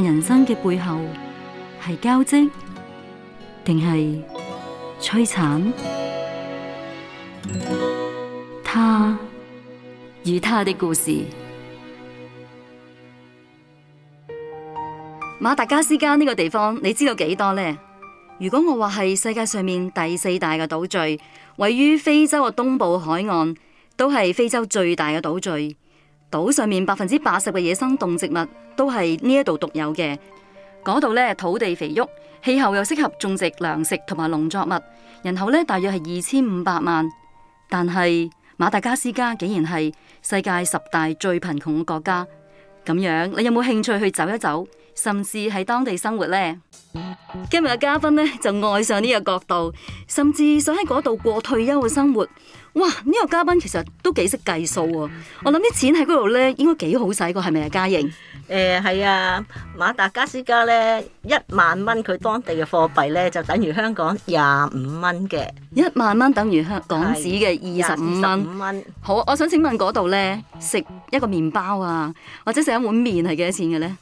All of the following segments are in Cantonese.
人生嘅背後係交織，定係摧殘？他與他的故事。馬達加斯加呢個地方，你知道幾多呢？如果我話係世界上面第四大嘅島嶼，位於非洲嘅東部海岸，都係非洲最大嘅島嶼。島上面百分之八十嘅野生動植物都係呢一度獨有嘅，嗰度呢，土地肥沃，氣候又適合種植糧食同埋農作物，人口呢大約係二千五百萬，但係馬達加斯加竟然係世界十大最貧窮嘅國家，咁樣你有冇興趣去走一走？甚至喺當地生活呢，今日嘅嘉賓呢，就愛上呢個角度，甚至想喺嗰度過退休嘅生活。哇！呢、這個嘉賓其實都幾識計數喎，我諗啲錢喺嗰度呢，應該幾好使過，係咪啊？嘉瑩，誒係、欸、啊，馬達加斯加呢，一萬蚊佢當地嘅貨幣呢，就等於香港廿五蚊嘅，一萬蚊等於香港紙嘅二十五蚊。好，我想請問嗰度呢，食一個麵包啊，或者食一碗麵係幾多錢嘅呢？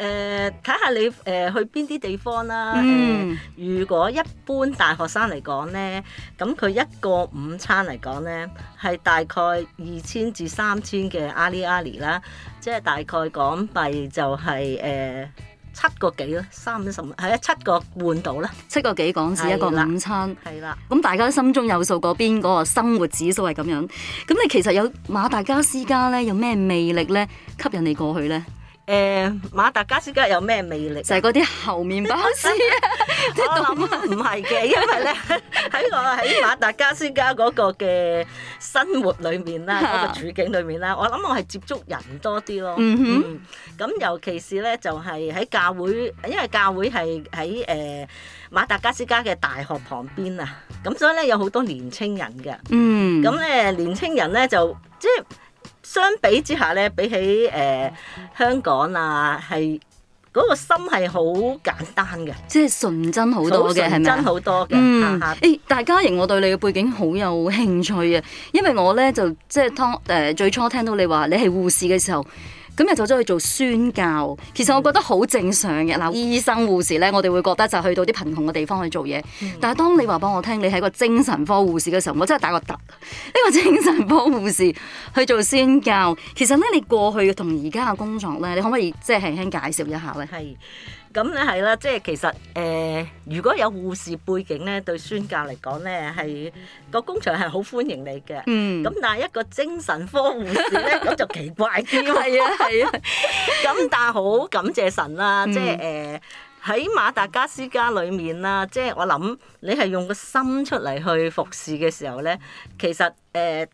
誒睇下你誒、呃、去邊啲地方啦。嗯、呃，如果一般大學生嚟講咧，咁佢一個午餐嚟講咧，係大概二千至三千嘅阿里阿里啦，即係大概港幣就係、是、誒、呃、七個幾咯，三十係啊、哎、七個半度啦，七個幾港紙了一個午餐。係啦了。咁大家心中有數，嗰邊個生活指數係咁樣。咁你其實有馬達加斯加咧，有咩魅力咧，吸引你過去咧？誒、呃、馬達加斯加有咩魅力？就係嗰啲猴麵包樹。我諗唔係嘅，因為咧喺 我喺馬達加斯加嗰個嘅生活裡面啦，嗰 個處境裡面啦，我諗我係接觸人多啲咯。咁、mm hmm. 嗯、尤其是咧就係、是、喺教會，因為教會係喺誒馬達加斯加嘅大學旁邊啊，咁所以咧有好多年青人嘅。咁咧、mm hmm. 嗯嗯、年青人咧就即係。就是相比之下咧，比起誒、呃、香港啊，係嗰、那個心係好簡單嘅，即係純真好多嘅，係咪真好多嘅，嚇！誒，大家盈，我對你嘅背景好有興趣啊，因為我咧就即係當誒最初聽到你話你係護士嘅時候。咁又走咗去做宣教，其實我覺得好正常嘅。嗱、嗯，醫生護士咧，我哋會覺得就去到啲貧窮嘅地方去做嘢。但係當你話俾我聽，你係一個精神科護士嘅時候，我真係打個突。呢個精神科護士去做宣教，其實咧你過去同而家嘅工作咧，你可唔可以即係輕輕介紹一下咧？係。咁咧係啦，即係、啊就是、其實誒、呃，如果有護士背景咧，對宣教嚟講咧，係個工場係好歡迎你嘅。嗯。咁但係一個精神科護士咧，咁 就奇怪啲。係 啊，係啊。咁但係好感謝神啦、啊，即係誒喺馬達加斯加裡面啦，即、就、係、是、我諗你係用個心出嚟去服侍嘅時候咧，其實誒。呃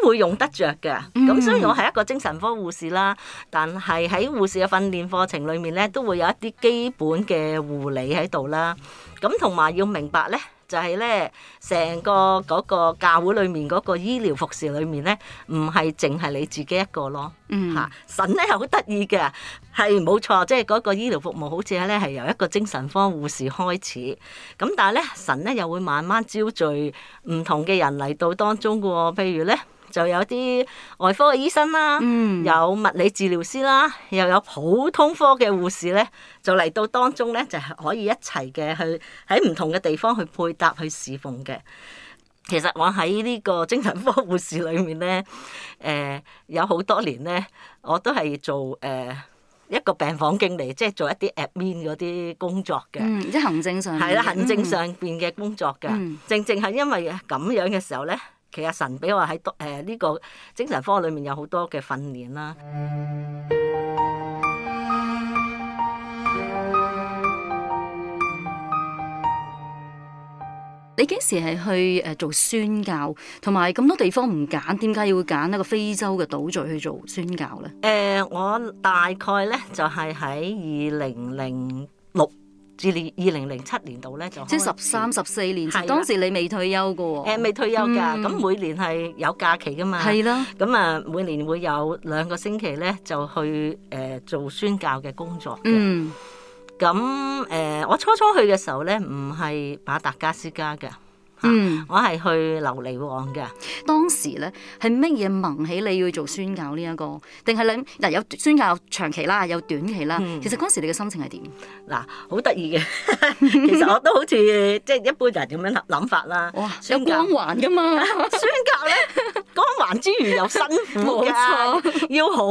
都會用得着嘅，咁雖然我係一個精神科護士啦。但係喺護士嘅訓練課程裏面咧，都會有一啲基本嘅護理喺度啦。咁同埋要明白咧，就係咧，成個嗰個教會裏面嗰個醫療服侍裏面咧，唔係淨係你自己一個咯。嗯，神咧係好得意嘅，係冇錯，即係嗰個醫療服務好似咧係由一個精神科護士開始。咁但係咧，神咧又會慢慢招聚唔同嘅人嚟到當中噶喎。譬如咧。就有啲外科嘅醫生啦，嗯、有物理治療師啦，又有普通科嘅護士咧，就嚟到當中咧，就係、可以一齊嘅去喺唔同嘅地方去配搭去侍奉嘅。其實我喺呢個精神科護士裏面咧，誒、呃、有好多年咧，我都係做誒、呃、一個病房經理，即、就、係、是、做一啲 admin 嗰啲工作嘅。即、嗯就係、行政上。係啦、啊，行政上邊嘅工作㗎。嗯、正正係因為咁樣嘅時候咧。其實神俾我喺多誒呢個精神科裏面有好多嘅訓練啦。你幾時係去誒做宣教？同埋咁多地方唔揀，點解要揀一個非洲嘅島嶼去做宣教咧？誒、呃，我大概咧就係喺二零零。自二零零七年度咧就開始即十三十四年，啊、當時你未退休嘅喎、哦呃。未退休㗎，咁、嗯、每年係有假期嘅嘛。係啦。咁啊，每年會有兩個星期咧，就去誒、呃、做宣教嘅工作。嗯。咁誒、呃，我初初去嘅時候咧，唔係馬達加斯加嘅。嗯、啊，我係去琉璃王噶。當時咧係乜嘢萌起你要做宣教呢一個？定係你嗱有宣教長期啦，有短期啦。其實嗰時你嘅心情係點？嗱、嗯嗯，好得意嘅。 其實我都好似即係一般人咁樣諗諗法啦。哇，宣教有光環噶嘛？ 宣教咧光環之餘又辛苦噶， 沒錯 要好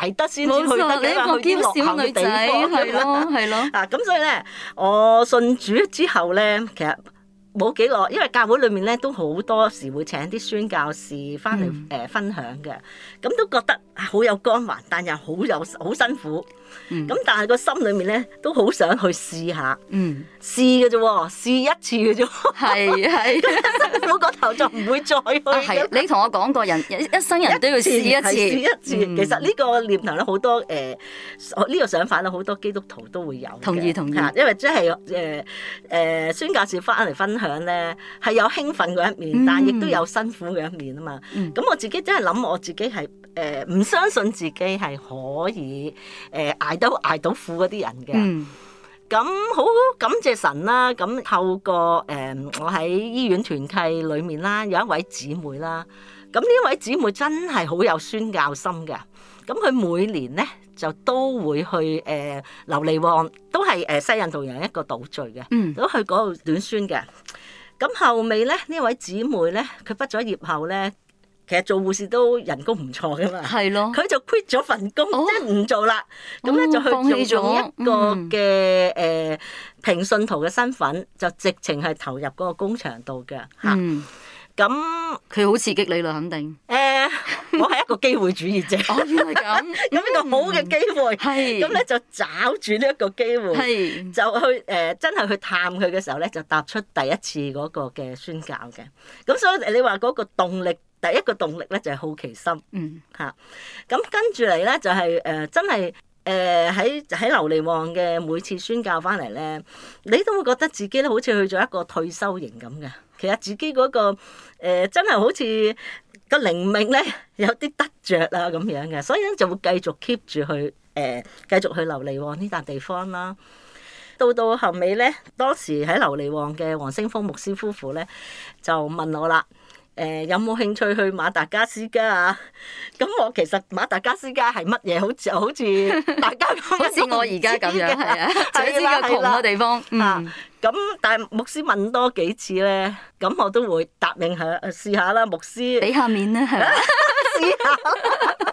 捱得先至去得噶嘛。你一個嬌小女仔，去啲落行嘅地方，地方，係 咯，係咯。嗱，咁、 啊、所以咧，我信主，主之後咧，其實。其實冇幾耐，因為教會裏面呢都好多時會請啲宣教士翻嚟誒分享嘅，咁都覺得好有光環，但又好有好辛苦。咁、嗯、但係個心裏面咧，都好想去試下，嗯，試嘅啫，試一次嘅啫，係 係，咁個頭，就唔會再去。你同我講過，人一,一生人都要試一次，一次試一次。嗯、其實呢個念頭咧，好多誒、呢、這個想法咧，好多基督徒都會有，同意，同意。同意，因為即係誒誒、孫、呃呃、教士翻嚟分享咧，係有興奮嘅一面，但亦都有辛苦嘅一面啊嘛。咁、嗯嗯、我自己真係諗我自己係誒，唔、呃、相信自己係可以誒。呃呃捱到捱到苦嗰啲人嘅，咁好、嗯、感謝神啦。咁透過誒、嗯、我喺醫院團契裏面啦，有一位姊妹啦，咁呢位姊妹真係好有宣教心嘅。咁佢每年咧就都會去誒琉璃旺，都係誒西印度人一個島嶼嘅。嗯、都去嗰度短宣嘅。咁後尾咧呢位姊妹咧，佢畢咗業後咧。其實做護士都人工唔錯㗎嘛，係對咯。佢就 quit 咗份工，哦、即係唔做啦。咁咧、哦、就去做一個嘅誒平信徒嘅身份，就直情係投入嗰個工場度嘅嚇。咁佢好刺激你啦，肯定誒、呃，我係一個機會主義者。咁呢、 哦嗯、個好嘅機會，咁咧就抓住呢一個機會，就去誒、呃、真係去探佢嘅時候咧，就踏出第一次嗰個嘅宣教嘅。咁所以你話嗰個動力，第一個動力咧就係、是、好奇心，嚇咁、嗯啊、跟住嚟咧就係、是、誒、呃、真係誒喺喺琉璃旺嘅每次宣教翻嚟咧，你都會覺得自己咧好似去咗一個退修營咁嘅，其實自己嗰、那個、呃、真係好似個靈命咧有啲得着啊咁樣嘅，所以咧就會繼續 keep 住去誒繼、呃、續去琉璃旺呢笪地方啦。到到後尾咧，當時喺琉璃旺嘅黃星峰牧師夫婦咧就問我啦。誒有冇興趣去馬達加斯加啊？咁我其實馬達加斯加係乜嘢？好似好似大家講緊我而家咁樣，凈係一個窮嘅地方啊！咁但係牧師問多幾次咧，咁我都會答應下試下啦。牧師俾下面啦，係嘛？試下。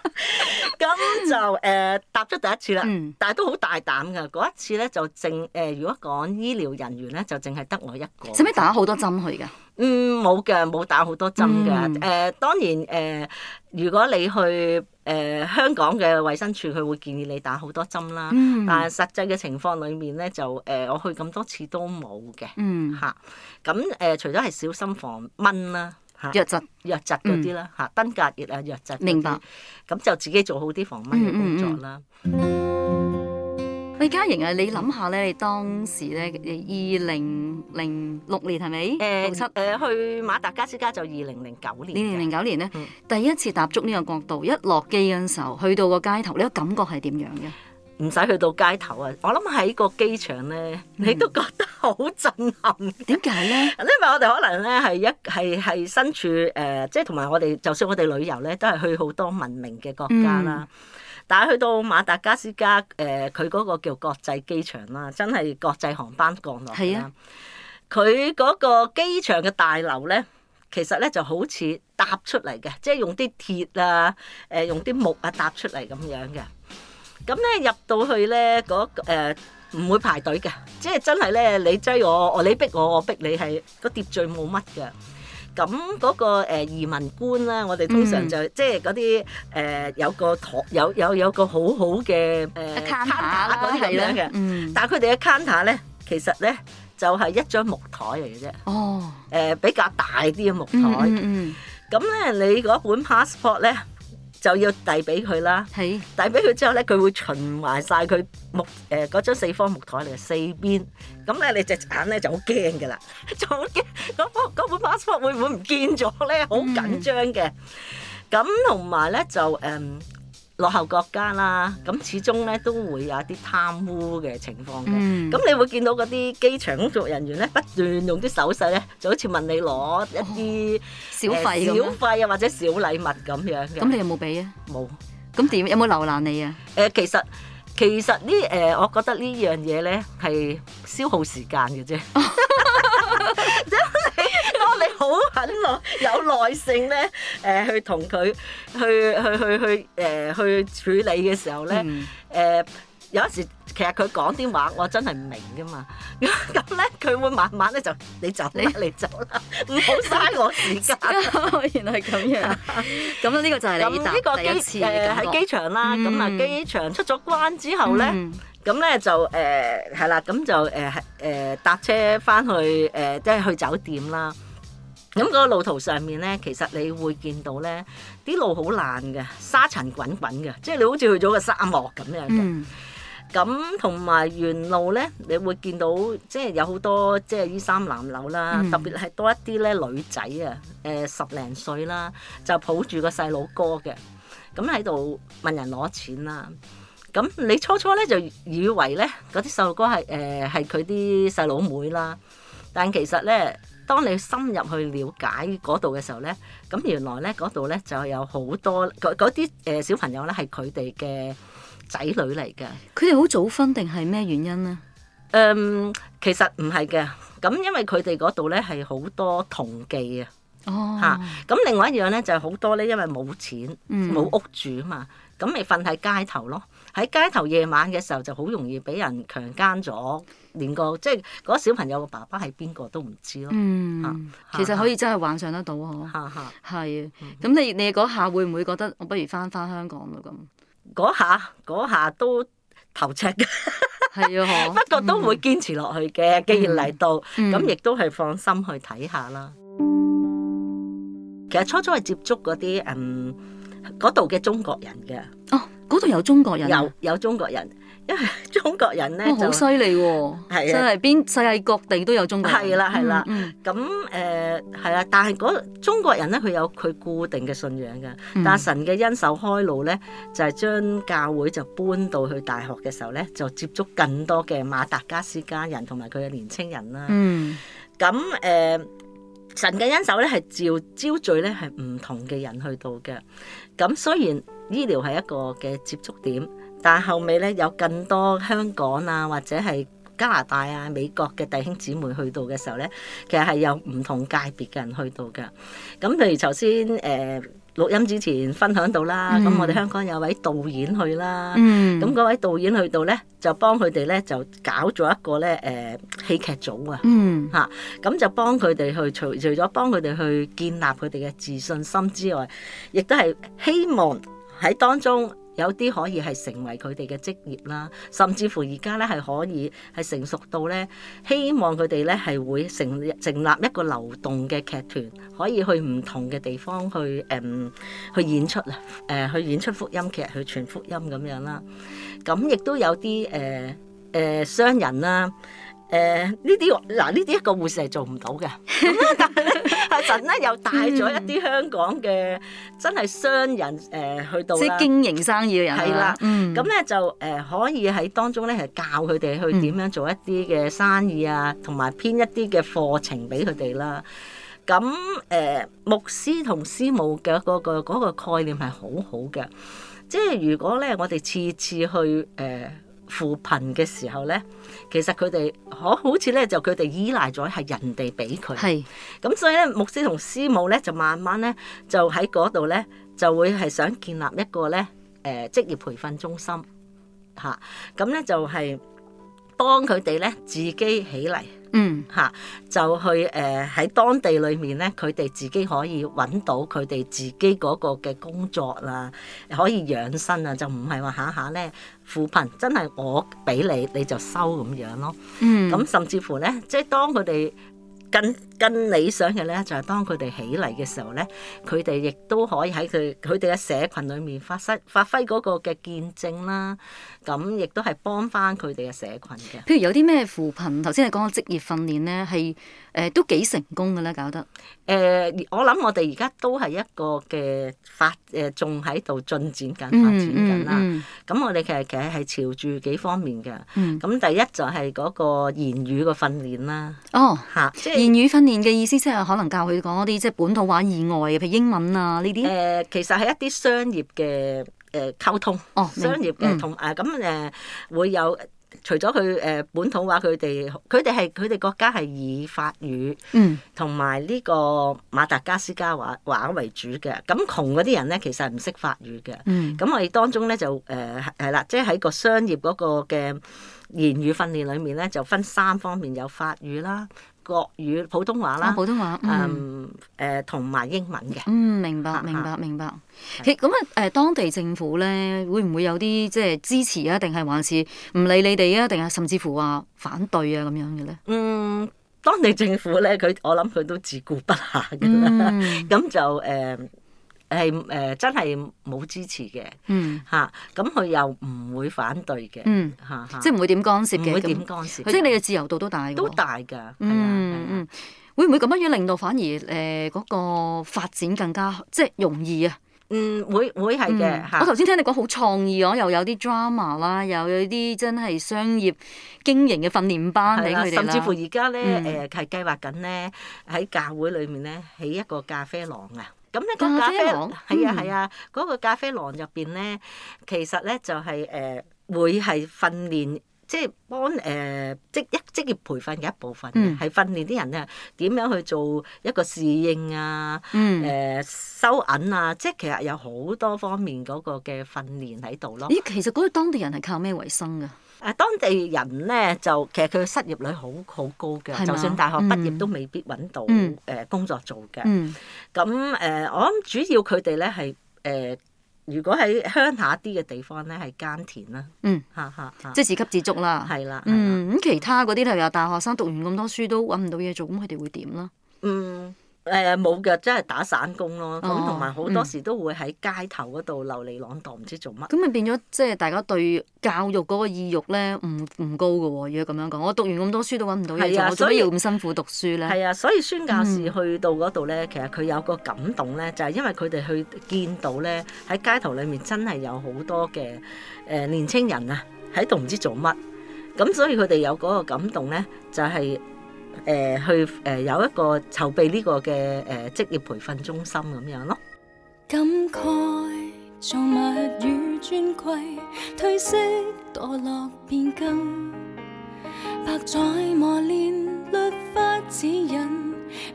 咁就誒答咗第一次啦，但係都好大膽㗎。嗰一次咧就淨誒，如果講醫療人員咧，就淨係得我一個。使唔使打好多針去㗎？嗯，冇嘅，冇打好多針嘅。誒、嗯呃，當然誒、呃，如果你去誒、呃、香港嘅衛生署，佢會建議你打好多針啦。嗯、但係實際嘅情況裏面咧，就誒、呃，我去咁多次都冇嘅。嗯。嚇、啊！咁、啊、誒，除咗係小心防蚊啦，嚇。瘧疾、瘧疾嗰啲啦，嚇，登革熱啊，瘧疾嗰、嗯、明白。咁就自己做好啲防蚊嘅工作啦。嗯嗯。喂，嘉瑩啊，你諗下咧，你當時咧，二零零六年係咪？誒、呃，六七誒去馬達加斯加就二零零九年。二零零九年咧，嗯、第一次踏足呢個國度，一落機嗰陣時候，去到個街頭，你個感覺係點樣嘅？唔使去到街頭啊，我諗喺個機場咧，你都覺得好震撼。點解咧？為呢因為我哋可能咧係一係係身處誒、呃，即係同埋我哋，就算我哋旅遊咧，都係去好多文明嘅國家啦。嗯但係去到馬達加斯加，誒佢嗰個叫國際機場啦，真係國際航班降落啦。佢嗰、啊、個機場嘅大樓咧，其實咧就好似搭出嚟嘅，即係用啲鐵啊，誒、呃、用啲木啊搭出嚟咁樣嘅。咁咧入到去咧，嗰誒唔會排隊嘅，即係真係咧你追我，我你逼我，我逼你係、個秩序冇乜嘅。咁嗰、那個、呃、移民官咧，我哋通常就、嗯、即係嗰啲誒有個台，有有有個好好嘅誒 counter 嗰啲咁樣嘅，嗯、但係佢哋嘅 counter 咧，其實咧就係、是、一張木台嚟嘅啫。哦，誒、呃、比較大啲嘅木台、嗯。嗯嗯。咁咧，你嗰本 passport 咧？就要遞俾佢啦，是遞俾佢之後咧，佢會循環晒佢木誒嗰、呃、張四方木台嚟，嘅四邊咁咧，你隻眼咧就好驚噶啦，就好驚，嗰本 passport 會唔會唔見咗咧？好緊張嘅，咁同埋咧就誒。落後國家啦，咁始終咧都會有一啲貪污嘅情況嘅。咁你會見到嗰啲機場工作人員咧不斷用啲手勢咧，就好似問你攞一啲小費咁。小費啊，或者小禮物咁樣。咁你有冇俾啊？冇。咁點？有冇留難你啊？誒，其實其實呢誒，我覺得呢樣嘢咧係消耗時間嘅啫。好肯耐有耐性咧，誒去同佢去去去去誒去處理嘅時候咧，誒有時其實佢講啲話我真係唔明㗎嘛。咁咧佢會慢慢咧就你走你嚟走啦，唔好嘥我時間。原來係咁樣，咁呢個就係你第一次嘅感覺。咁呢個機誒喺機場啦，咁啊機場出咗關之後咧，咁咧就誒係啦，咁就誒誒搭車翻去誒即係去酒店啦。咁嗰個路途上面咧，其實你會見到咧，啲路好爛嘅，沙塵滾滾嘅，即係你好似去咗個沙漠咁樣嘅。咁同埋沿路咧，你會見到即係有好多即係衣衫襤褸啦，嗯、特別係多一啲咧女仔啊，誒、呃、十零歲啦，就抱住個細佬哥嘅，咁喺度問人攞錢啦。咁你初初咧就以為咧嗰啲細佬哥係誒係佢啲細佬妹啦，但其實咧。當你深入去了解嗰度嘅時候咧，咁原來咧嗰度咧就有好多嗰啲誒小朋友咧係佢哋嘅仔女嚟嘅。佢哋好早婚定係咩原因呢？誒、嗯，其實唔係嘅。咁因為佢哋嗰度咧係好多童妓啊。哦。吓，咁另外一樣咧就係好多咧，因為冇錢冇、嗯、屋住啊嘛，咁咪瞓喺街頭咯。喺街頭夜晚嘅時候就好容易俾人強姦咗。連個即係嗰小朋友嘅爸爸係邊個都唔知咯。嗯，啊、其實可以真係幻想得到呵。嚇嚇，係。咁你你嗰下會唔會覺得我不如返返香港咯？咁嗰下嗰下都頭赤嘅，係啊！呵呵嗯、不過都會堅持落去嘅。既然嚟到，咁亦、嗯嗯、都係放心去睇下啦。其實初初係接觸嗰啲嗯嗰度嘅中國人嘅。哦，嗰度有中國人，有有中國人。因為中國人咧，哇，好犀利喎！真係遍世界各地都有中國人。係啦，係啦。咁誒係啦，但係嗰中國人咧，佢有佢固定嘅信仰㗎。但係神嘅恩手開路咧，就係將教會就搬到去大學嘅時候咧，就接觸更多嘅馬達加斯加人同埋佢嘅年青人啦。嗯。咁誒，神嘅恩手咧係召召聚咧係唔同嘅人去到嘅。咁雖然醫療係一個嘅接觸點。但後尾咧有更多香港啊，或者係加拿大啊、美國嘅弟兄姊妹去到嘅時候咧，其實係有唔同界別嘅人去到㗎。咁譬如頭先誒錄音之前分享到啦，咁我哋香港有位導演去啦，咁嗰位導演去到咧就幫佢哋咧就搞咗一個咧誒戲劇組啊，吓，咁就幫佢哋去除除咗幫佢哋去建立佢哋嘅自信心之外，亦都係希望喺當中。有啲可以係成為佢哋嘅職業啦，甚至乎而家咧係可以係成熟到咧，希望佢哋咧係會成成立一個流動嘅劇團，可以去唔同嘅地方去誒、嗯、去演出啊、呃，去演出福音劇去傳福音咁樣啦。咁亦都有啲誒誒商人啦。誒呢啲嗱呢啲一個護士係做唔到嘅，咁咧但係神咧又帶咗一啲香港嘅真係商人誒去到啦，即係經營生意嘅人啦，咁咧就誒可以喺當中咧係教佢哋去點樣做一啲嘅生意啊，同埋編一啲嘅課程俾佢哋啦。咁誒牧師同師母嘅嗰個嗰個概念係好好嘅，即係如果咧我哋次次去誒，扶貧嘅時候咧，其實佢哋可好似咧就佢哋依賴咗係人哋俾佢，係咁是所以咧牧師同師母咧就慢慢咧就喺嗰度咧就會係想建立一個咧誒、呃、職業培訓中心嚇，咁、啊、咧就係、是、幫佢哋咧自己起嚟。嗯，嚇就去誒喺、呃、當地裏面咧，佢哋自己可以揾到佢哋自己嗰個嘅工作啦、啊，可以養生啊，就唔係話下下咧扶貧，真係我俾你你就收咁樣咯。嗯，咁甚至乎咧，即係當佢哋更更理想嘅咧，就係、是、當佢哋起嚟嘅時候咧，佢哋亦都可以喺佢佢哋嘅社群裏面發生發揮嗰個嘅見證啦。咁亦都係幫翻佢哋嘅社群嘅。譬如有啲咩扶貧，頭先你講嘅職業訓練咧，係誒、呃、都幾成功嘅咧，搞得。誒、呃，我諗我哋而家都係一個嘅發誒，仲喺度進展緊、發展緊啦。咁、嗯嗯嗯、我哋其實其實係朝住幾方面嘅。咁、嗯、第一就係嗰個言語嘅訓練啦。哦，嚇、啊！言語訓練嘅意思即係可能教佢講一啲即係本土話以外，譬如英文啊呢啲。誒、呃，其實係一啲商業嘅。誒溝通，oh, 商業嘅、嗯、同誒咁誒會有除咗佢誒本土話佢哋佢哋係佢哋國家係以法語，嗯，同埋呢個馬達加斯加話話為主嘅。咁窮嗰啲人咧，其實係唔識法語嘅。咁、嗯、我哋當中咧就誒係啦，即係喺個商業嗰個嘅言語訓練裡面咧，就分三方面有法語啦。國語、普通話啦，普通話，嗯，誒同埋英文嘅。嗯，明白，明白，明白。咁啊，誒當地政府咧，會唔會有啲即係支持啊？定係還是唔理你哋啊？定係甚至乎話反對啊？咁樣嘅咧？嗯，當地政府咧，佢我諗佢都自顧不下嘅啦。咁就誒。係，誒真係冇支持嘅。嚇，咁佢又唔會反對嘅。嚇，即係唔會點干涉嘅，唔會點干涉，即係你嘅自由度都大都大㗎，係啊，會唔會咁樣樣令到反而誒嗰個發展更加即係容易啊？嗯，會會係嘅，我頭先聽你講好創意，我又有啲 drama 啦，又有啲真係商業經營嘅訓練班俾佢哋，甚至乎而家咧誒係計劃緊咧喺教會裏面咧起一個咖啡廊啊！咁咧個咖啡，係啊係啊，嗰個咖啡廊入邊咧，其實咧就係、是、誒、呃、會係訓練，即、就、係、是、幫誒、呃、職一職業培訓嘅一部分嘅，係、嗯、訓練啲人啊點樣去做一個侍應啊，誒、呃、收銀啊，即係其實有好多方面嗰個嘅訓練喺度咯。咦，其實嗰個當地人係靠咩為生㗎？啊，當地人咧就其實佢嘅失業率好好高嘅，嗎就算大學畢業都未必揾到誒、嗯呃、工作做嘅。咁誒、嗯呃，我諗主要佢哋咧係誒，如果喺鄉下啲嘅地方咧係耕田啦，嗯、哈哈即係自給自足、嗯、啦，係啦。嗯，咁其他嗰啲例如話，大學生讀完咁多書都揾唔到嘢做，咁佢哋會點啦？嗯。誒冇㗎，真係打散工咯。咁同埋好多時都會喺街頭嗰度流離浪蕩，唔知做乜。咁咪、嗯、變咗，即、就、係、是、大家對教育嗰個意欲咧，唔唔高嘅喎。如果咁樣講，我讀完咁多書都揾唔到嘢做，啊、所以我做乜要咁辛苦讀書咧？係啊，所以宣教士去到嗰度咧，其實佢有個感動咧，嗯、就係因為佢哋去見到咧，喺街頭裡面真係有好多嘅誒、呃、年輕人啊，喺度唔知做乜。咁所以佢哋有嗰個感動咧，就係、是。誒、呃、去誒、呃、有一個籌備呢個嘅誒、呃、職業培訓中心噉樣囉。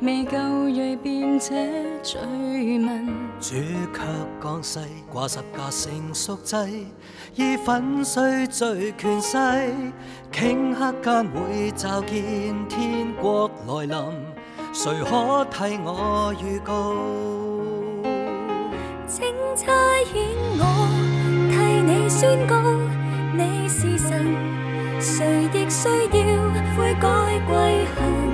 未夠睿辨者，追問。主卻降世，掛十架成贖祭，以粉碎罪權勢。頃刻間會驟見天國來臨，誰可替我預告？請差遣我替你宣告，你是神，誰亦需要悔改歸航。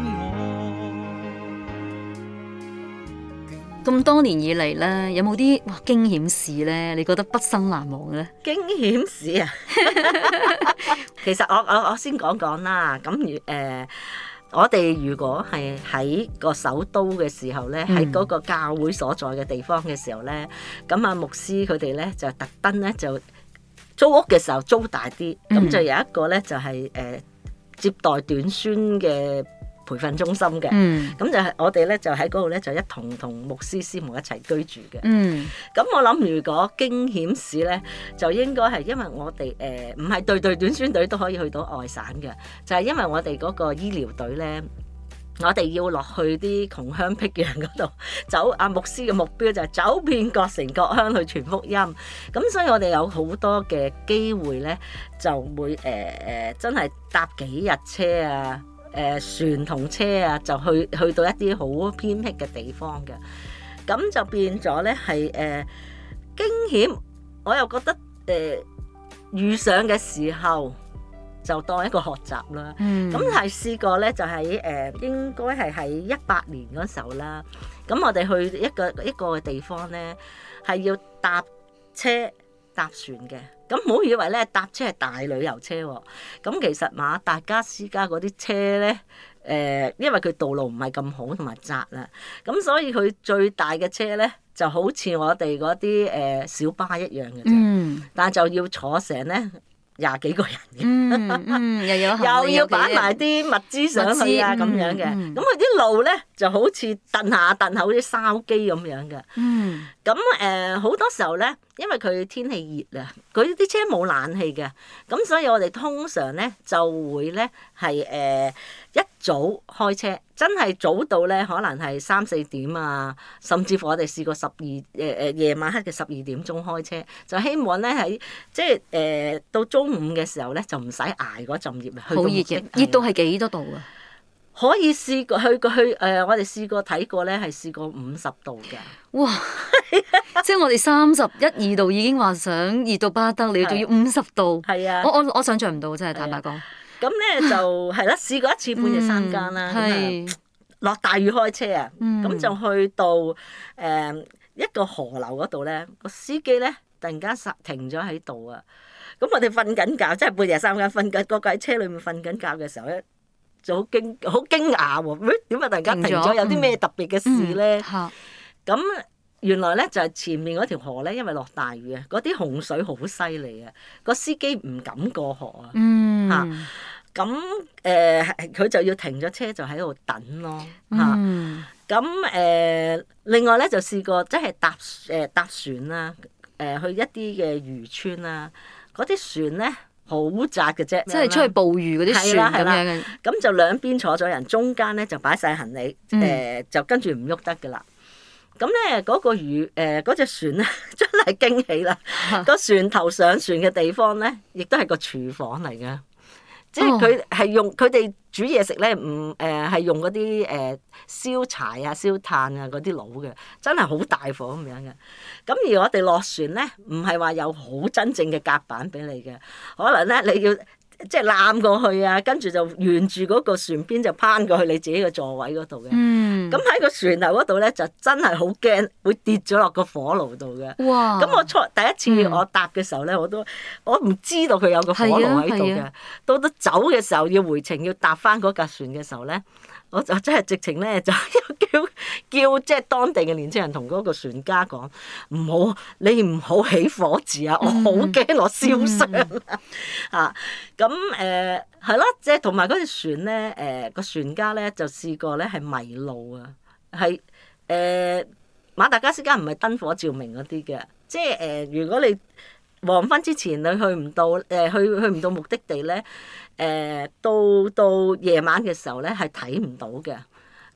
咁多年以嚟咧，有冇啲哇驚險事咧？你覺得畢生難忘咧？驚險事啊！ 其實我我我先講講啦。咁如誒，我哋如果係喺個首都嘅時候咧，喺嗰個教會所在嘅地方嘅時候咧，咁啊、嗯、牧師佢哋咧就特登咧就租屋嘅時候租大啲。咁就有一個咧就係、是、誒、呃、接待短宣嘅。培訓中心嘅，咁、嗯、就係我哋咧就喺嗰度咧就一同同牧師師母一齊居住嘅。咁、嗯、我諗如果驚險市咧，就應該係因為我哋誒唔係對對短宣隊都可以去到外省嘅，就係、是、因為我哋嗰個醫療隊咧，我哋要落去啲窮鄉僻壤嗰度走。阿牧師嘅目標就係走遍各城各鄉去傳福音，咁所以我哋有好多嘅機會咧，就會誒誒真係搭幾日車啊！誒、呃、船同車啊，就去去到一啲好偏僻嘅地方嘅，咁就變咗咧係誒驚險。我又覺得誒、呃、遇上嘅時候就當一個學習啦。咁係、嗯、試過咧，就喺、是、誒、呃、應該係喺一八年嗰時候啦。咁我哋去一個一個嘅地方咧，係要搭車搭船嘅。咁唔好以為咧搭車係大旅遊車喎，咁其實馬達加斯加嗰啲車咧，誒，因為佢道路唔係咁好同埋窄啦，咁所以佢最大嘅車咧就好似我哋嗰啲誒小巴一樣嘅啫，但係就要坐成咧，廿幾個人嘅、 嗯嗯，又，又要擺埋啲物資上去啊咁、嗯、樣嘅，咁佢啲路咧就好似揼下揼口啲筲箕咁樣嘅。咁誒好多時候咧，因為佢天氣熱啊，佢啲車冇冷氣嘅，咁所以我哋通常咧就會咧係誒一早開車。真係早到咧，可能係三四點啊，甚至乎我哋試過十二誒誒夜晚黑嘅十二點鐘開車，就希望咧喺即係誒、呃、到中午嘅時候咧，就唔使捱嗰陣熱去到。好熱嘅，熱到係幾多度啊？可以試過去過去誒、呃，我哋試過睇過咧，係試過五十度㗎。哇！ 即係我哋三十一二度已經話想熱到巴得，你仲對要五十度？係啊對！我我我想象唔到真係坦白講。咁咧就係啦， 試過一次半夜三更啦，落、嗯、大雨開車啊，咁、嗯、就去到誒一個河流嗰度咧，個司機咧突然間停咗喺度啊！咁我哋瞓緊覺，即係半夜三更瞓緊覺喺車裏面瞓緊覺嘅時候咧，就好驚好驚訝喎、啊！點解突然間停咗？停了有啲咩特別嘅事咧？咁、嗯嗯、原來咧就係前面嗰條河咧，因為落大雨啊，嗰啲洪水好犀利啊，個司機唔敢過河、嗯、啊，嚇！咁誒，佢就要停咗車就喺度等咯嚇。咁誒、嗯嗯，另外咧就試過即係搭誒搭船啦，誒、呃、去一啲嘅漁村啦。嗰啲船咧好窄嘅啫，即係出去捕魚嗰啲船咁樣嘅。咁、嗯、就兩邊坐咗人，中間咧就擺晒行李，誒、呃、就跟住唔喐得噶啦。咁咧嗰個漁隻、呃、船咧，真係驚喜啦！個、啊、船頭上船嘅地方咧，亦都係個廚房嚟嘅。即係佢係用佢哋煮嘢食咧，唔誒係用嗰啲誒燒柴啊、燒炭啊嗰啲爐嘅，真係好大火咁樣嘅。咁而我哋落船咧，唔係話有好真正嘅甲板俾你嘅，可能咧你要即係攬過去啊，跟住就沿住嗰個船邊就攀過去你自己嘅座位嗰度嘅。嗯咁喺個船頭嗰度咧，就真係好驚，會跌咗落個火爐度嘅。咁哇我初第一次我搭嘅時候咧，我都我唔知道佢有個火爐喺度嘅。到得、啊啊、走嘅時候，要回程要搭翻嗰架船嘅時候咧。我就真係直情咧，就叫叫即係當地嘅年輕人同嗰個船家講，唔好你唔好起火字啊，我好驚我燒傷啊！嚇，咁誒係咯，即係同埋嗰隻船咧，誒個船家咧就試過咧係迷路啊，係誒，呃、馬達加斯加唔係燈火照明嗰啲嘅，即係誒如果你黃昏之前你去唔到誒去去唔到目的地咧。誒到到夜晚嘅時候咧，係睇唔到嘅。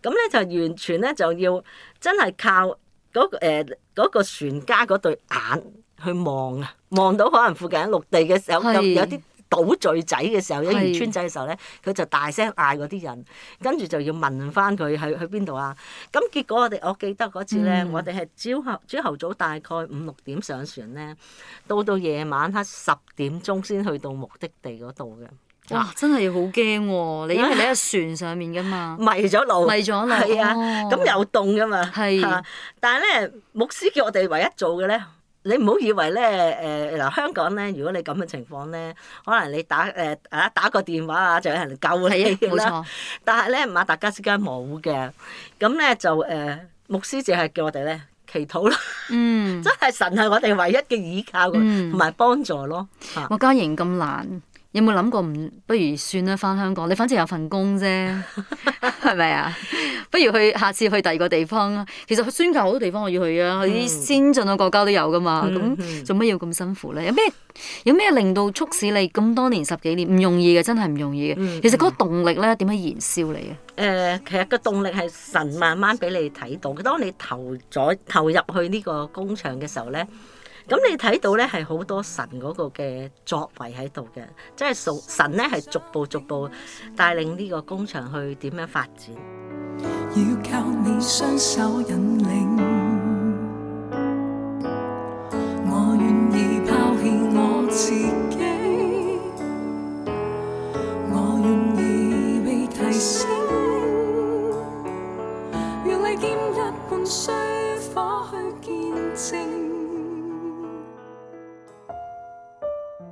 咁咧就完全咧就要真係靠嗰個誒嗰個船家嗰對眼去望啊！望到可能附近喺陸地嘅時候，是有啲島嶼仔嘅時候，有漁是村仔嘅時候咧，佢就大聲嗌嗰啲人，跟住就要問翻佢去去邊度啊！咁結果我哋我記得嗰次咧，嗯、我哋係朝頭早，朝頭早大概五六點上船咧，到到夜晚黑十點鐘先去到目的地嗰度嘅。哇！真係好驚喎，你因為你喺船上面噶嘛，啊、迷咗路，迷咗路，係啊，咁、哦、又凍噶嘛，係是、啊。但係咧，牧師叫我哋唯一做嘅咧，你唔好以為咧，誒、呃、嗱香港咧，如果你咁嘅情況咧，可能你打誒啊、呃、打個電話啊，就有人救你㗎啦。啊、冇錯，但係咧，馬達加斯加冇嘅，咁咧就誒、呃、牧師就係叫我哋咧祈禱咯。嗯。真係神係我哋唯一嘅依靠同埋幫助咯。我家型咁難。有冇諗過唔不，不如算啦，返香港你反正有份工啫，係咪啊？不如去下次去第二個地方啊！其實去宣教好多地方我要去啊，去啲、嗯、先進嘅國家都有㗎嘛。咁做乜要咁辛苦咧？有咩有咩令到促使你咁多年十幾年唔容易嘅？真係唔容易嘅、嗯呃。其實嗰個動力咧點樣燃燒你啊？誒，其實個動力係神慢慢俾你睇到。當你投咗投入去呢個工場嘅時候咧。咁你睇到咧，係好多神嗰個嘅作為喺度嘅，即係神咧係逐步逐步帶領呢個工場去點樣發展。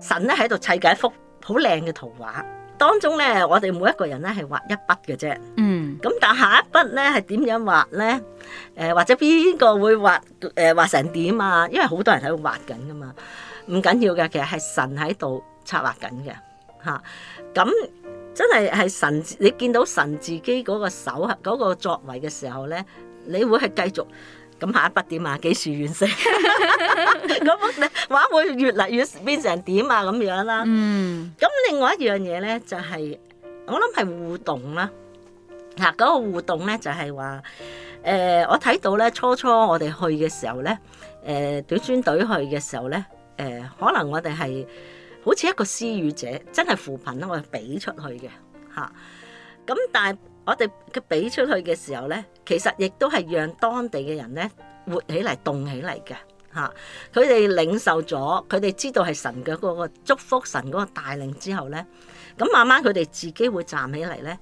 神咧喺度砌緊一幅好靚嘅圖畫，當中咧我哋每一個人咧係畫一筆嘅啫。嗯，咁但下一筆咧係點樣畫咧？誒、呃，或者邊個會畫？誒、呃，畫成點啊？因為好多人喺度畫緊噶嘛，唔緊要嘅，其實係神喺度策劃緊嘅。吓、啊，咁真係係神，你見到神自己嗰個手、嗰個作為嘅時候咧，你會係繼續。咁下一筆點啊？幾時完成？幅 畫會越嚟越變成點啊咁樣啦。咁、嗯、另外一樣嘢咧，就係、是、我諗係互動啦。嗱，嗰個互動咧就係、是、話，誒、呃、我睇到咧初初我哋去嘅時候咧，誒短宣隊去嘅時候咧，誒、呃、可能我哋係好似一個施予者，真係扶貧咧，我哋俾出去嘅嚇。咁、啊、但係。我哋嘅俾出去嘅時候咧，其實亦都係讓當地嘅人咧活起嚟、動起嚟嘅嚇。佢、啊、哋領受咗，佢哋知道係神嘅嗰、那個祝福、神嗰個帶領之後咧，咁、啊、慢慢佢哋自己會站起嚟咧，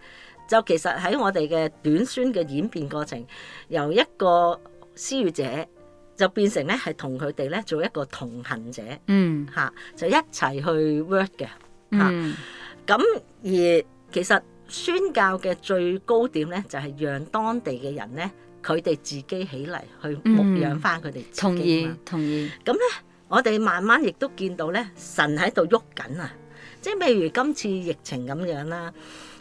就其實喺我哋嘅短宣嘅演變過程，由一個施予者就變成咧係同佢哋咧做一個同行者，嗯、啊、嚇，就一齊去 work 嘅嚇。咁、啊啊、而其實。宣教嘅最高點咧，就係讓當地嘅人咧，佢哋自己起嚟去牧養翻佢哋自己。同意，同意。咁咧，我哋慢慢亦都見到咧，神喺度喐緊啊！即係譬如今次疫情咁樣啦。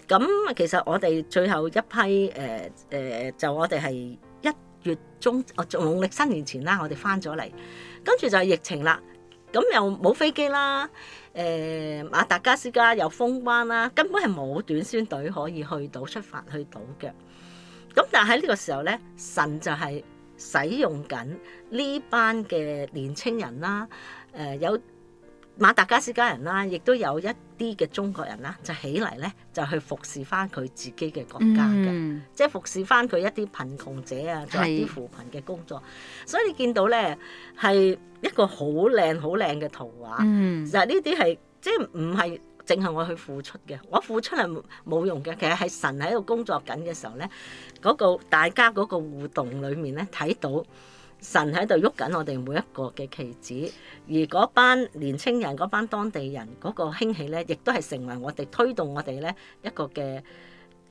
咁其實我哋最後一批誒誒，就我哋係一月中，我農曆新年前啦，我哋翻咗嚟，跟住就係疫情啦，咁又冇飛機啦。誒馬達加斯加又封關啦，根本係冇短宣隊可以去到出發去到嘅。咁但係喺呢個時候咧，神就係使用緊呢班嘅年青人啦、啊。誒、呃、有。馬達加斯加人啦、啊，亦都有一啲嘅中國人啦、啊，就起嚟咧就去服侍翻佢自己嘅國家嘅，嗯、即係服侍翻佢一啲貧窮者啊，做一啲扶貧嘅工作。是所以你見到咧係一個好靚好靚嘅圖畫。嗯、其實呢啲係即係唔係淨係我去付出嘅，我付出係冇用嘅。其實係神喺度工作緊嘅時候咧，嗰、嗰個大家嗰個互動裏面咧睇到。神喺度喐緊我哋每一個嘅棋子，而嗰班年輕人、嗰班當地人嗰個興起咧，亦都係成為我哋推動我哋咧一個嘅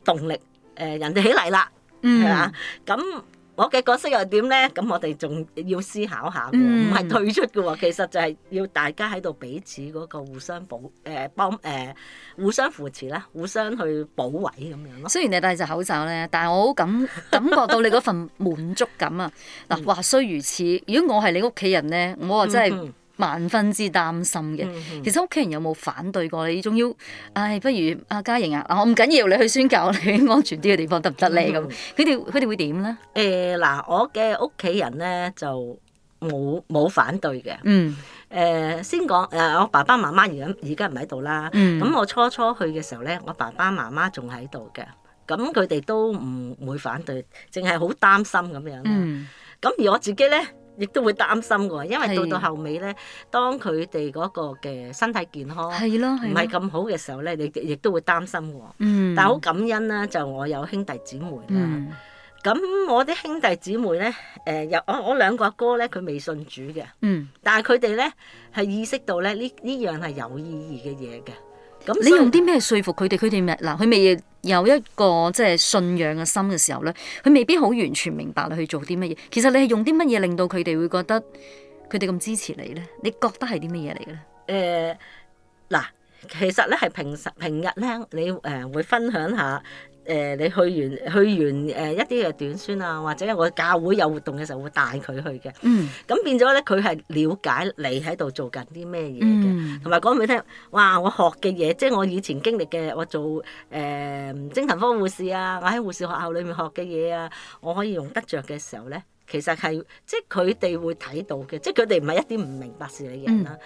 動力。誒、呃，人哋起嚟啦，係嘛？咁、嗯。我嘅角色又點咧？咁我哋仲要思考下唔係退出嘅喎。其實就係要大家喺度彼此嗰個互相保誒、欸、幫誒、欸、互相扶持啦，互相去保衞咁樣咯。雖然你戴隻口罩咧，但係我好感感覺到你嗰份滿足感啊！嗱， 話雖如此，如果我係你屋企人咧，我話真係。 萬分之擔心嘅，其實屋企人有冇反對過你？仲要，唉，不如阿嘉瑩啊，我唔緊要你去宣教，你安全啲嘅地方得唔得咧咁？佢哋佢哋會點咧？誒嗱、欸，我嘅屋企人咧就冇冇反對嘅。嗯。誒，先講誒、呃，我爸爸媽媽而家而家唔喺度啦。嗯。咁我初初去嘅時候咧，我爸爸媽媽仲喺度嘅，咁佢哋都唔會反對，淨係好擔心咁樣。嗯。咁而我自己咧。亦都會擔心喎，因為到到後尾咧，當佢哋嗰個嘅身體健康唔係咁好嘅時候咧，你亦都會擔心喎。嗯、但係好感恩啦，就我有兄弟姊妹啦。嗯。咁我啲兄弟姊妹咧，誒、呃、有我我兩個阿哥咧，佢未信主嘅。嗯、但係佢哋咧係意識到咧呢呢樣係有意義嘅嘢嘅。嗯、你用啲咩説服佢哋？佢哋咪嗱，佢未有一個即係、就是、信仰嘅心嘅時候咧，佢未必好完全明白你去做啲乜嘢。其實你係用啲乜嘢令到佢哋會覺得佢哋咁支持你咧？你覺得係啲乜嘢嚟嘅咧？誒嗱、呃，其實咧係平時平日咧，你誒、呃、會分享下。誒、呃，你去完去完誒、呃、一啲嘅短宣啊，或者我教會有活動嘅時候會帶佢去嘅。嗯，咁變咗咧，佢係了解你喺度做緊啲咩嘢嘅，同埋講俾你聽。哇，我學嘅嘢，即係我以前經歷嘅，我做誒、呃、精神科護士啊，我喺護士學校裏面學嘅嘢啊，我可以用得着嘅時候咧，其實係即係佢哋會睇到嘅，即係佢哋唔係一啲唔明白事嘅人啦。嗯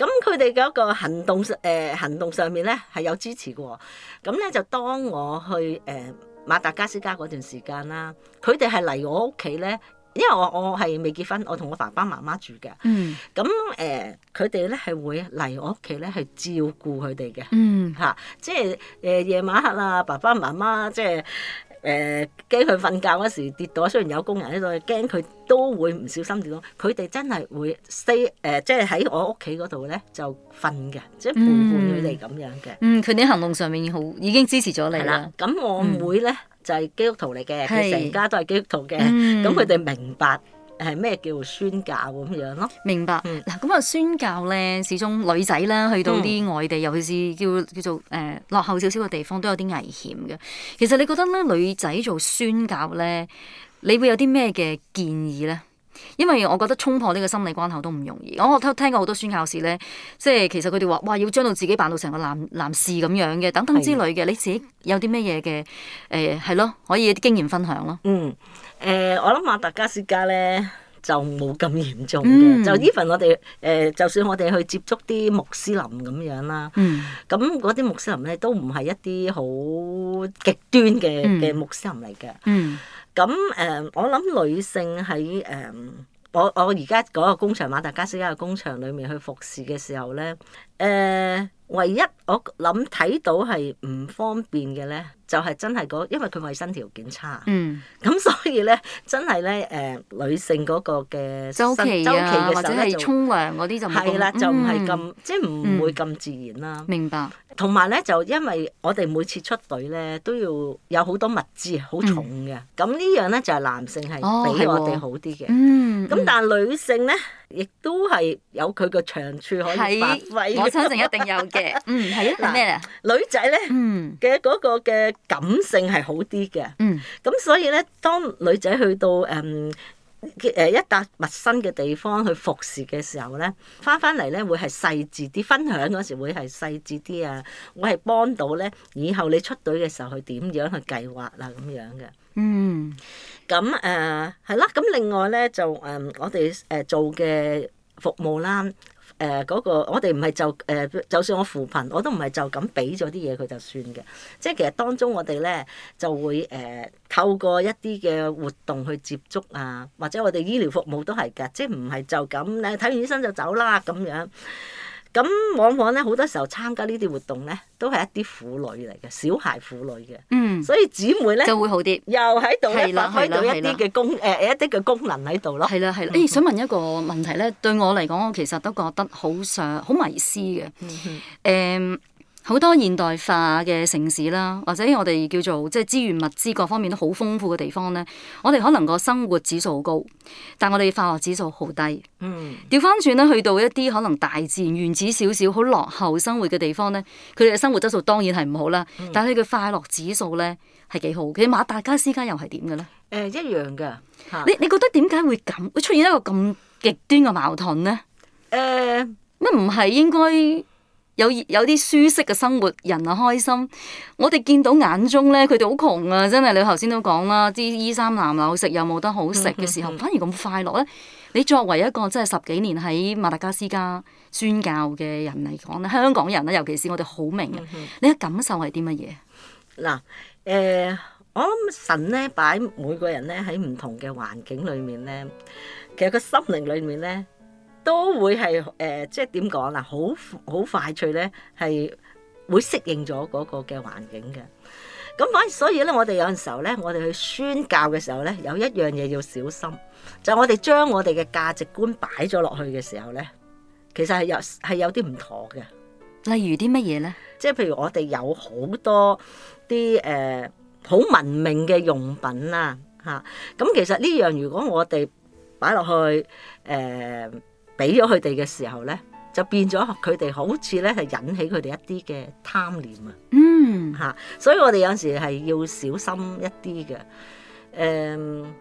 咁佢哋嘅一個行動上、呃，行動上面咧係有支持嘅喎、哦。咁咧就當我去誒、呃、馬達加斯加嗰段時間啦，佢哋係嚟我屋企咧，因為我我係未結婚，我同我爸爸媽媽住嘅。嗯。咁誒，佢哋咧係會嚟我屋企咧去照顧佢哋嘅。嗯。嚇、啊，即係誒、呃、夜晚黑啊，爸爸媽媽即係。誒驚佢瞓覺嗰時跌倒，雖然有工人喺度，驚佢都會唔小心跌倒。佢哋真係會 stay 誒、呃，即係喺我屋企嗰度咧就瞓嘅，即陪伴佢哋咁樣嘅、嗯。嗯，佢哋行動上面好已經支持咗你啦。咁我妹咧、嗯、就係基督徒嚟嘅，佢成家都係基督徒嘅，咁佢哋明白。係咩叫宣教咁樣咯？明白嗱，咁啊宣教咧，始終女仔咧，去到啲外地，尤其是叫叫做誒、呃、落後少少嘅地方，都有啲危險嘅。其實你覺得咧，女仔做宣教咧，你會有啲咩嘅建議咧？因為我覺得衝破呢個心理關口都唔容易，我我都聽過好多宣教士咧，即係其實佢哋話，哇，要將到自己扮到成個男男士咁樣嘅，等等之類嘅，你自己有啲咩嘢嘅誒係咯，可以經驗分享咯。嗯，誒、呃，我諗馬達加斯加咧就冇咁嚴重嘅，就 even 我哋誒、呃，就算我哋去接觸啲穆斯林咁樣啦，咁嗰啲穆斯林咧都唔係一啲好極端嘅嘅穆斯林嚟嘅、嗯。嗯。咁誒、呃，我諗女性喺誒、呃，我我而家嗰個工場馬達加斯加嘅工場裏面去服侍嘅時候咧。誒、呃，唯一我諗睇到係唔方便嘅咧，就係、是、真係嗰、那個，因為佢衞生條件差。嗯。咁所以咧，真係咧，誒，女性嗰個嘅周期嘅啊，期時候呢或者沖涼嗰啲就係就啦，就唔係咁，嗯、即係唔會咁自然啦、啊嗯。明白。同埋咧，就因為我哋每次出隊咧，都要有好多物資，好重嘅。咁、嗯、呢樣咧就係、是、男性係比我哋好啲嘅、哦。嗯。咁、嗯、但係女性咧。亦都係有佢個長處可以發揮。我相信一定有嘅。嗯，係啊。咩啊？女仔咧，嗯嘅嗰個嘅感性係好啲嘅。嗯。咁所以咧，當女仔去到誒誒一笪陌生嘅地方去服侍嘅時候咧，翻翻嚟咧會係細緻啲，分享嗰時會係細緻啲啊。我係幫到咧，以後你出隊嘅時候去點樣去計劃啦咁樣嘅。嗯。咁誒係啦，咁、嗯、另外咧就誒、嗯、我哋誒做嘅服務啦，誒、呃、嗰、嗰個我哋唔係就誒、呃，就算我扶貧我都唔係就咁俾咗啲嘢佢就算嘅，即係其實當中我哋咧就會誒、呃、透過一啲嘅活動去接觸啊，或者我哋醫療服務都係㗎，即係唔係就咁你睇完醫生就走啦咁樣。咁往往咧，好多時候參加呢啲活動咧，都係一啲婦女嚟嘅，小孩婦女嘅。嗯。所以姊妹咧，就會好啲。又喺度發揮到一啲嘅功，誒一啲嘅功能喺度咯。係啦係啦，誒、嗯哼哎、想問一個問題咧，對我嚟講，我其實都覺得好想，好迷思嘅。誒、嗯哼。嗯好多現代化嘅城市啦，或者我哋叫做即係資源物資各方面都好豐富嘅地方咧，我哋可能個生活指數好高，但我哋快樂指數好低。嗯，調翻轉咧，去到一啲可能大自然原始少少、好落後生活嘅地方咧，佢哋嘅生活質素當然係唔好啦，嗯、但係佢快樂指數咧係幾好嘅。馬達加斯加又係點嘅咧？誒、嗯、一樣嘅。你你覺得點解會咁？會出現一個咁極端嘅矛盾咧？誒乜唔係應該？有有啲舒適嘅生活，人啊開心。我哋見到眼中咧，佢哋好窮啊！真係你頭先都講啦，啲衣衫襤褸，食又冇得好食嘅時候，反而咁快樂咧。你作為一個真係十幾年喺馬達加斯加宣教嘅人嚟講咧，香港人咧，尤其是我哋好明嘅，你嘅感受係啲乜嘢？嗱、嗯，誒、呃，我諗神咧擺每個人咧喺唔同嘅環境裏面咧，其實個心靈裏面咧。都會係誒、呃，即係點講啦？好好快脆咧，係會適應咗嗰個嘅環境嘅。咁反所以咧，我哋有陣時候咧，我哋去宣教嘅時候咧，有一樣嘢要小心，就係、我哋將我哋嘅價值觀擺咗落去嘅時候咧，其實係有係有啲唔妥嘅。例如啲乜嘢咧？即係譬如我哋有好多啲誒好文明嘅用品啊，嚇！咁其實呢樣如果我哋擺落去誒，呃俾咗佢哋嘅時候咧，就變咗佢哋好似咧係引起佢哋一啲嘅貪念、mm. 啊。嗯，嚇，所以我哋有陣時係要小心一啲嘅。誒、嗯，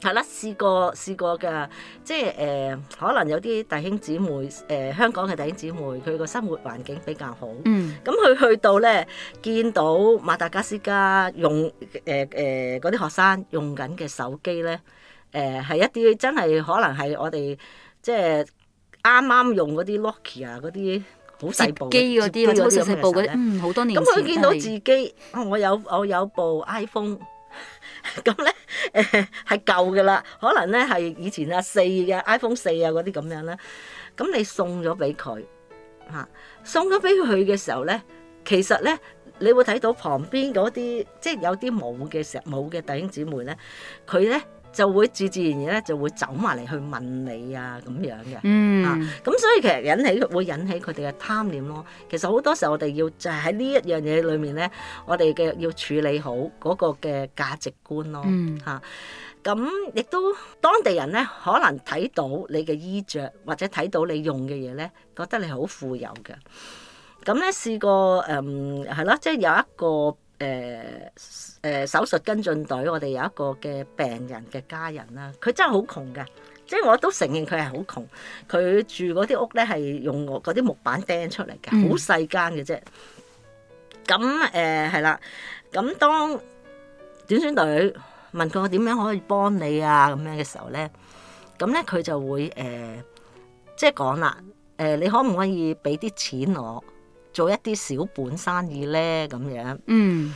係啦，試過試過㗎，即係誒、呃，可能有啲弟兄姊妹誒，香港嘅弟兄姊妹，佢、呃、個生活環境比較好。咁佢、mm. 去到咧，見到馬達加斯加用誒誒嗰啲學生用緊嘅手機咧，誒、呃、係一啲真係可能係我哋。即係啱啱用嗰啲 locky 啊，嗰啲好細部嘅啲，好細部嘅，嗯，好多年。咁佢見到自己，哦、我有我有部 iPhone，咁 咧那誒呢係 舊嘅啦，可能咧係以前啊四嘅 iPhone 四啊嗰啲咁樣啦。咁你送咗俾佢吓，送咗俾佢嘅時候咧，其實咧你會睇到旁邊嗰啲即係有啲冇嘅石冇嘅弟兄姊妹咧，佢咧。就會自自然然咧，就會走埋嚟去問你啊咁樣嘅，嗯、啊咁所以其實引起會引起佢哋嘅貪念咯。其實好多時候我哋要就係喺呢一樣嘢裏面咧，我哋嘅要處理好嗰個嘅價值觀咯，嚇、嗯。咁亦、啊、都當地人咧，可能睇到你嘅衣着，或者睇到你用嘅嘢咧，覺得你好富有嘅。咁咧試過誒係咯，即係有一個。誒誒、呃呃、手術跟進隊，我哋有一個嘅病人嘅家人啦，佢真係好窮嘅，即係我都承認佢係好窮。佢住嗰啲屋咧係用嗰啲木板釘出嚟嘅，好細間嘅啫。咁誒係啦，咁當短宣隊問過我點樣可以幫你啊咁樣嘅時候咧，咁咧佢就會誒、呃、即係講啦，誒、呃、你可唔可以俾啲錢我？做一啲小本生意咧，咁樣，嗯，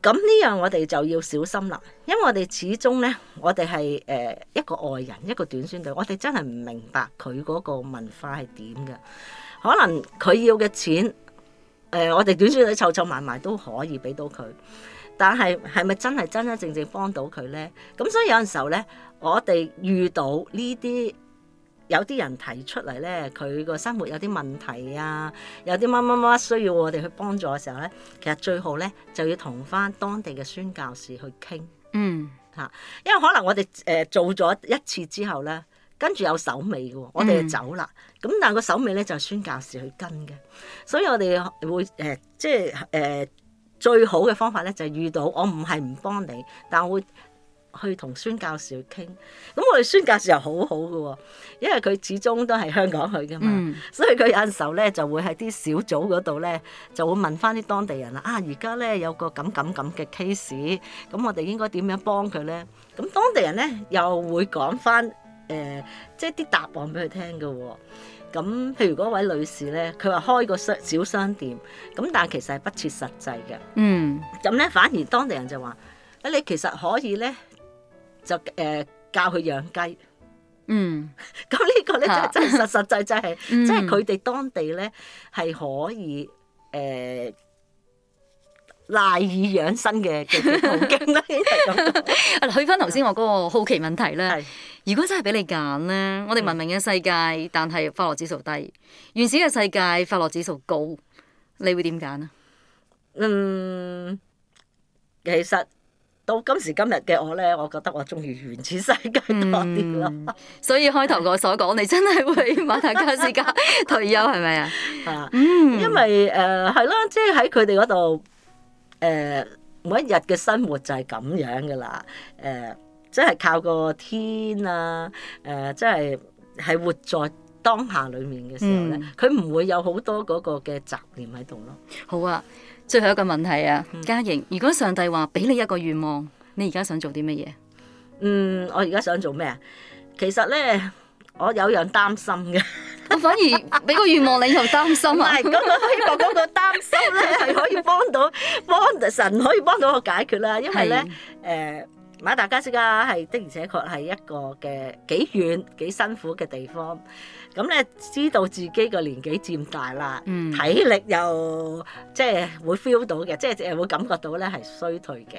咁呢樣我哋就要小心啦，因為我哋始終咧，我哋係誒一個外人，一個短宣隊，我哋真係唔明白佢嗰個文化係點㗎，可能佢要嘅錢，誒、呃，我哋短宣隊湊湊埋埋都可以俾到佢，但係係咪真係真真正正幫到佢咧？咁所以有陣時候咧，我哋遇到呢啲。有啲人提出嚟咧，佢個生活有啲問題啊，有啲乜乜乜需要我哋去幫助嘅時候咧，其實最好咧就要同翻當地嘅宣教士去傾，嗯嚇，因為可能我哋誒做咗一次之後咧，跟住有手尾嘅、哦，我哋就走啦。咁、嗯、但係個手尾咧就係、是、宣教士去跟嘅，所以我哋會誒、呃、即係誒、呃、最好嘅方法咧就係、是、遇到我唔係唔幫你，但我會。去同孫教授傾，咁我哋孫教授又好好嘅、哦，因為佢始終都係香港去嘅嘛，mm. 所以佢有陣時候咧就會喺啲小組嗰度咧就會問翻啲當地人啊，而家咧有個咁咁咁嘅 case，咁我哋應該點樣幫佢咧？咁當地人咧又會講翻誒，即係啲答案俾佢聽嘅、哦。咁譬如嗰位女士咧，佢話開個商小商店，咁但係其實係不切實際嘅。嗯、mm.，咁咧反而當地人就話：啊、哎，你其實可以咧。就誒、呃、教佢養雞，嗯，咁 呢個咧、啊、真真實實際真係，即係佢哋當地咧係可以誒、呃、賴以養生嘅嘅途徑啦。去翻頭先我嗰個好奇問題咧，是如果真係俾你揀咧，我哋文明嘅世界，嗯、但係快樂指數低；原始嘅世界，快樂指數高，你會點揀啊？嗯，其實。到今時今日嘅我咧，我覺得我中意原始世界多啲咯、嗯。所以開頭我所講， 你真係會馬達加斯加 退休係咪啊？啊，因為誒係、嗯呃、啦，即係喺佢哋嗰度誒，每一日嘅生活就係咁樣噶啦。誒、呃，即係靠個天啊，誒、呃，即係係活在當下裡面嘅時候咧，佢唔、嗯、會有好多嗰個嘅雜念喺度咯。好啊。最後一個問題啊，嘉瑩，如果上帝話俾你一個願望，你而家想做啲乜嘢？嗯，我而家想做咩啊？其實咧，我有樣擔心嘅，我反而俾個願望你又擔心啊。咁嗰個希望嗰個擔心咧係可以幫到，幫神可以幫到我解決啦。因為咧，誒馬達加斯加係的而且確係一個嘅幾遠幾辛苦嘅地方。咁咧、嗯、知道自己個年紀漸大啦，體力又即係會 feel 到嘅，即係會，會感覺到咧係衰退嘅。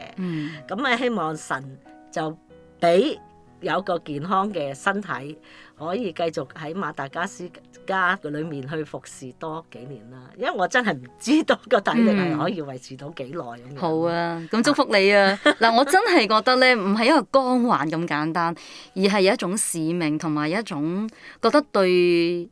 咁啊、嗯，希望神就俾有個健康嘅身體。可以繼續喺馬達加斯加裏面去服侍多幾年啦，因為我真係唔知道個體力係可以維持到幾耐咁樣。好啊，咁祝福你啊！嗱， 我真係覺得咧，唔係一個光環咁簡單，而係有一種使命同埋有一種覺得對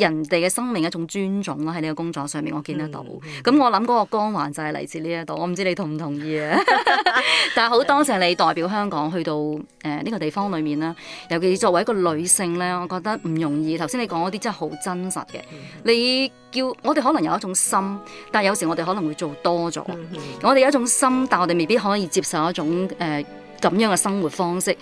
人哋嘅生命一種尊重啦，喺呢個工作上面我見得到。咁、嗯嗯嗯、我諗嗰個光環就係嚟自呢一度，我唔知你同唔同意啊？ 但係好多謝你代表香港去到誒呢、呃呢個地方裡面啦。尤其是作為一個女性咧，我覺得唔容易。頭先你講嗰啲真係好真實嘅。你叫我哋可能有一種心，但係有時我哋可能會做多咗。嗯嗯、我哋有一種心，但我哋未必可以接受一種誒咁、呃、樣嘅生活方式。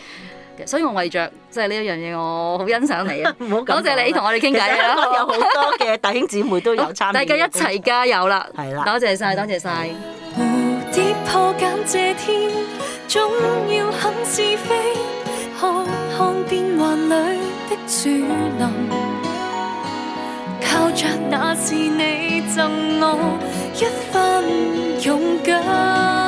所以我為着，即係呢一樣嘢，我好欣賞你啊！ 多謝你同我哋傾偈。有好多嘅弟兄姊妹都有參加 大家一齊加油 啦！係啦，多謝曬，多謝曬。 贈我一份勇敢。